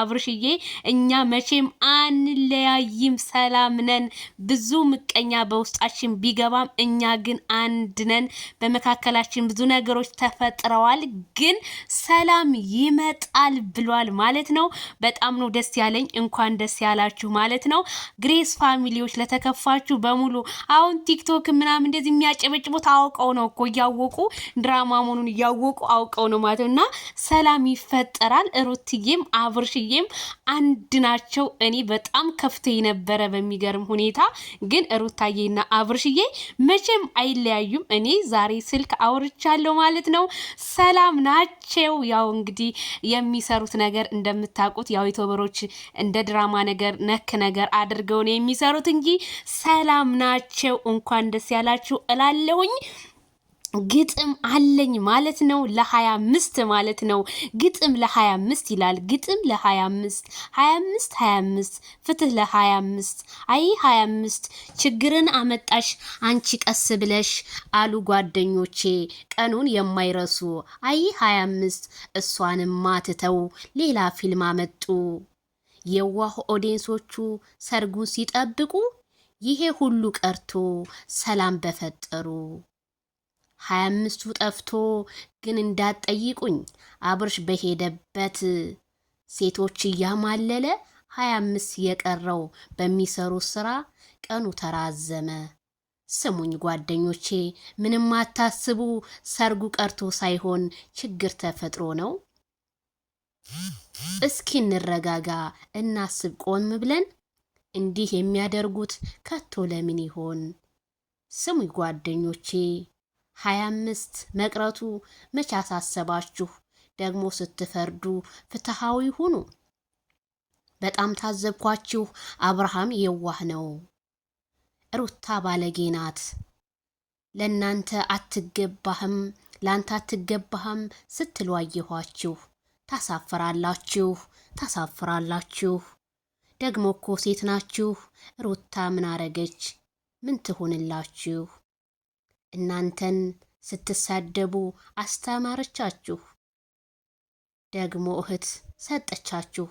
አብርሽዬ እኛ መቼም አንለያይም፣ ሰላም ነን። ብዙ ምቀኛ በውስጣችን ቢገባም እኛ ግን አንድ ነን። በመካከላችን ብዙ ነገሮች ተፈጥረዋል፣ ግን ሰላም ይመጣል ብሏል ማለት ነው። በጣም ነው ደስ ያለኝ። እንኳን ደስ ያላችሁ ማለት ነው። ግሬስ ፋሚሊዎች ለተከፋችሁ በሙሉ አሁን ቲክቶክ ምናምን እንደዚህ የሚያጨበጭቡት አውቀው ነው እኮ እያወቁ ድራማ መሆኑን እያወቁ አውቀው ነው ማለት ነው። እና ሰላም ይፈጠራል። ሩትዬም አብርሽ ጋሽዬም አንድ ናቸው። እኔ በጣም ከፍቶኝ ነበረ በሚገርም ሁኔታ ግን ሩታዬና አብርሽዬ መቼም አይለያዩም። እኔ ዛሬ ስልክ አውርቻለሁ ማለት ነው። ሰላም ናቸው። ያው እንግዲህ የሚሰሩት ነገር እንደምታውቁት ያው ዩቱበሮች እንደ ድራማ ነገር ነክ ነገር አድርገው ነው የሚሰሩት እንጂ ሰላም ናቸው። እንኳን ደስ ያላችሁ እላለሁኝ። ግጥም አለኝ ማለት ነው። ለሀያ አምስት ማለት ነው። ግጥም ለሀያ አምስት ይላል። ግጥም ለሀያ አምስት ሀያ አምስት ሀያ አምስት ፍትህ ለሀያ አምስት አይ ሀያ አምስት ችግርን አመጣሽ አንቺ ቀስ ብለሽ አሉ ጓደኞቼ ቀኑን የማይረሱ አይ ሀያ አምስት እሷንም ማትተው ሌላ ፊልም አመጡ የዋህ ኦዲየንሶቹ ሰርጉን ሲጠብቁ ይሄ ሁሉ ቀርቶ ሰላም በፈጠሩ ሀያ አምስቱ ጠፍቶ ግን እንዳትጠይቁኝ አብርሽ በሄደበት ሴቶች እያማለለ ሀያ አምስት የቀረው በሚሰሩት ስራ ቀኑ ተራዘመ። ስሙኝ ጓደኞቼ፣ ምንም አታስቡ። ሰርጉ ቀርቶ ሳይሆን ችግር ተፈጥሮ ነው። እስኪ እንረጋጋ፣ እናስብ ቆም ብለን። እንዲህ የሚያደርጉት ከቶ ለምን ይሆን? ስሙኝ ጓደኞቼ ሀያ አምስት መቅረቱ መቼ አሳሰባችሁ? ደግሞ ስትፈርዱ ፍትሐዊ ሁኑ። በጣም ታዘብኳችሁ። አብርሃም የዋህ ነው፣ ሩታ ባለጌ ናት። ለእናንተ አትገባህም፣ ለአንተ አትገባህም ስትሉ አየኋችሁ። ታሳፍራላችሁ፣ ታሳፍራላችሁ። ደግሞ እኮ ሴት ናችሁ። ሩታ ምን አረገች? ምን ትሆንላችሁ? እናንተን ስትሳደቡ አስተማረቻችሁ፣ ደግሞ እህት ሰጠቻችሁ።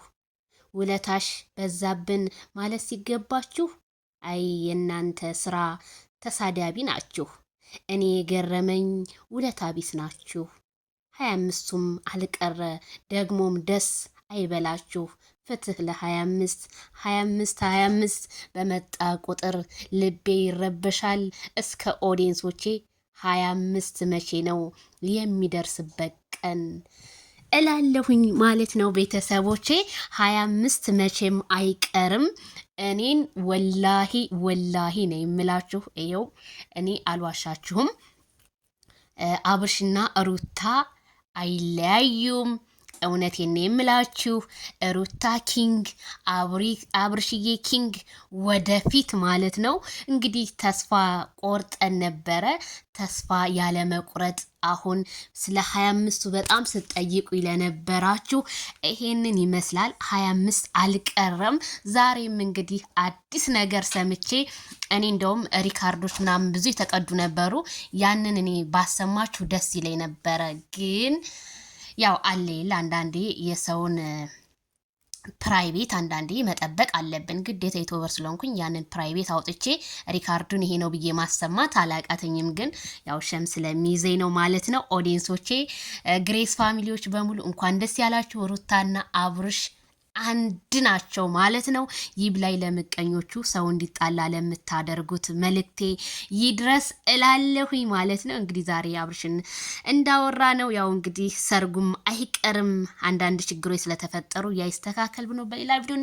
ውለታሽ በዛብን ማለት ሲገባችሁ አይ የእናንተ ስራ ተሳዳቢ ናችሁ። እኔ የገረመኝ ውለታ ቢስ ናችሁ። ሀያ አምስቱም አልቀረ ደግሞም ደስ አይበላችሁ። ፍትህ ለ25 25 25 በመጣ ቁጥር ልቤ ይረበሻል። እስከ ኦዲየንሶቼ 25 መቼ ነው የሚደርስበት ቀን እላለሁኝ ማለት ነው ቤተሰቦቼ። 25 መቼም አይቀርም። እኔን ወላሂ ወላሂ ነው የምላችሁ። ይኸው እኔ አልዋሻችሁም። አብርሽና ሩታ አይለያዩም። እውነቴን ነው የምላችሁ ሩታ ኪንግ አብርሽዬ ኪንግ ወደፊት ማለት ነው። እንግዲህ ተስፋ ቆርጠን ነበረ። ተስፋ ያለ መቁረጥ አሁን ስለ ሀያ አምስቱ በጣም ስጠይቁ ለነበራችሁ ይሄንን ይመስላል። ሀያ አምስት አልቀረም። ዛሬም እንግዲህ አዲስ ነገር ሰምቼ እኔ እንደውም ሪካርዶች ምናምን ብዙ የተቀዱ ነበሩ። ያንን እኔ ባሰማችሁ ደስ ይለኝ ነበረ ግን ያው አሌል አንዳንዴ የሰውን ፕራይቬት አንዳንዴ መጠበቅ አለብን ግዴታ ዩቱበር ስለሆንኩኝ ያንን ፕራይቬት አውጥቼ ሪካርዱን ይሄ ነው ብዬ ማሰማት አላቃተኝም። ግን ያው ሸም ስለሚይዘኝ ነው ማለት ነው። ኦዲየንሶቼ፣ ግሬስ ፋሚሊዎች በሙሉ እንኳን ደስ ያላችሁ። ሩታና አብርሽ አንድ ናቸው ማለት ነው። ይብላኝ ለምቀኞቹ ሰው እንዲጣላ ለምታደርጉት መልእክቴ ይድረስ እላለሁኝ ማለት ነው። እንግዲህ ዛሬ አብርሽን እንዳወራ ነው ያው እንግዲህ ሰርጉም አይቀርም። አንዳንድ ችግሮች ስለተፈጠሩ ያይስተካከል ብሎ በሌላ ቪዲዮ